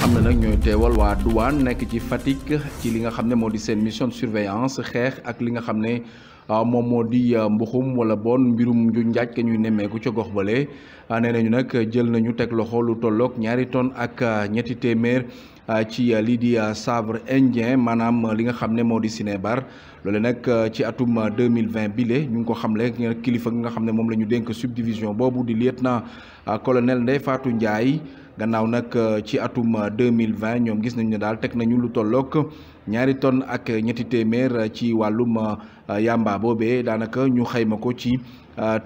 xam ne nag ñooy teewal waa douane nekk ci Fatick ci li nga xam ne moo di seen mission de xeex ak li nga xam ne ah, moom moo di ah, mbuxum wala bon mbirum ju njaaj ñuy nemmeeku ca gox bale ah, nee nañu nag jël nañu teg loxo lu tollook ñaari tonnes ak ñetti téeméer ci lii di sabre indien maanaam li nga xam ne moo di sinébar loole nag ci atum 2020 bile ñu ngi ko xam xamle kilifa gi nga xam ne moom la ñu dénk subdivision boobu di na colonel Ndeye faatu Ndiaye gannaaw nag euh, ci atum euh, deux mille vingt ñoom gis nañu ne daal teg nañu lu tollook ñaari tonne ak ñetti téeméer ci wàllum euh, yamba boobee daanaka ñu xayma ko ci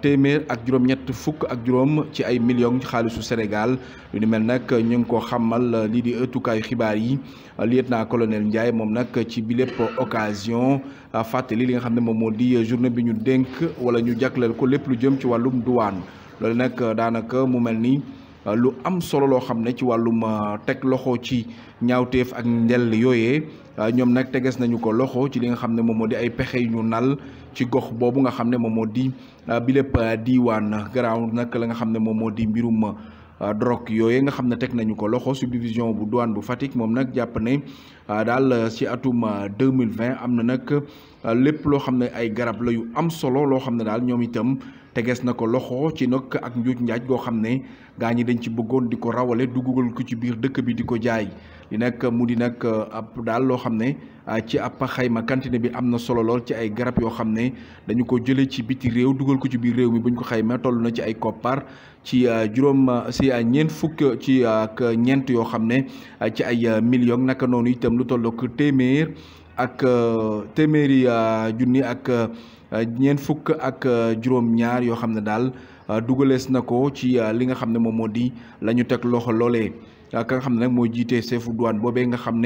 téeméer ak juróom-ñett fukk ak juróom ci ay millions xaalisu Sénégal lu ni mel nag ñu ngi ko xamal lii di ëttukaayu xibaar yi lieutenant kolonel Ndiaye moom nag ci bi lépp occasion fàttali li nga xam ne moom moo di journée bi ñu dénk wala ñu jagleel ko lépp lu jëm ci wàllum duwaan loolu nag daanaka mu mel ni. Euh, lu am solo loo xam ne ci wàllum euh, teg loxo ci ñaawteef ak njël yooye euh, ñoom nag teges nañu ko loxo ci li nga xam ne moom moo di ay pexe yu ñu nal ci gox boobu nga xam ne moom moo di bi lépp diiwaan garaaw nag la nga xam ne moom moo di mbirum drogue yooyu nga xam ne teg nañu ko loxo subdivision bu douane bu Fatick moom nag jàpp ne daal ci atum deux mille vingt am na nag lépp loo xam ne ay garab la yu am solo loo xam ne daal ñoom itam. tegees na ko loxo ci nag ak njuuj njaaj goo xam ne gaa ñi dañ ci bëggoon di ko rawale duggal ko ci biir dëkk bi di ko jaay li nag mu di nag uh, ab daal loo xam ne uh, ci ab xayma cantine bi am na solo lool ci ay garab yoo xam ne dañu ko jële ci biti réew dugal ko ci biir réew mi buñ ko xayma tollu na ci ay koppar ci uh, juróom si ñeent fukk ci ak ñeent yoo xam ne ci ay million naka noonu itam lu toll ak téeméer ak téeméeri junni ak Euh, ñeen fukk ak euh, juróom ñaar yoo xam ne daal euh, dugalees na ko ci li nga xam ne moom moo di la ñu teg loxo loolee ka nga xam ne nag mooy jiite douane boobee nga xam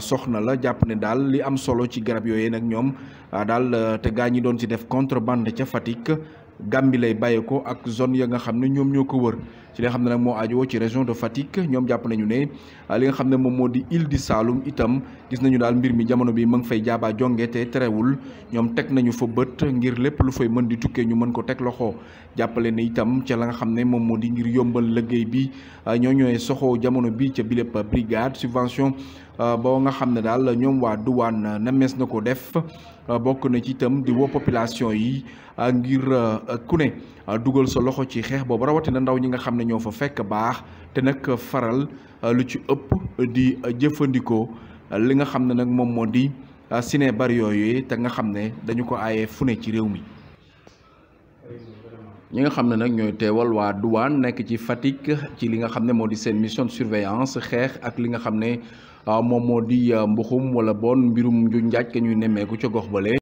soxna la jàpp ne daal li am solo ci garab yooyee nag ñoom daal te gaa ñi doon ci def contrebande ca Fatick Gambie lay bàyyi ko ak zone ya nga xam ne ñoom wër ci li nga xam ne nag moo aajowoo ci région de Fatick ñoom jàpp nañu ne li nga xam ne moom moo di île di Saloum itam gis nañu daal mbir mi jamono bi ma ngi fay jaabaa jonge te terewul ñoom teg nañu fa bët ngir lépp lu fay mën di tukkee ñu mën ko teg loxoo jàppale ne itam ca la nga xam ne moom ngir yombal lëggéey bi ñoo eh, ñooy soxoo jamono bi ca bilep brigade subvention eh, ba nga xam ne daal ñoom waa duwaan eh, na mees na def bokk na ci itam di woo population yi ngir ku ne dugal sa loxo ci xeex boobu rawatina ndaw ñi nga xam ne ñoo fa fekk baax te nag faral euh, lu ci ëpp di jëfandikoo euh, li nga xam ne nag moom moo di euh, ciné bar yooyu te nga xam ne dañu ko aaye fu ci réew mi. ñi nga xam ne nag ñooy teewal waa douane nekk ci Fatick ci li nga xam ne moo di seen mission de surveillance xeex ak li nga xam ne moom moo di mbuxum wala bon mbirum ju njaaj ka ñuy nemmeeku ca gox bale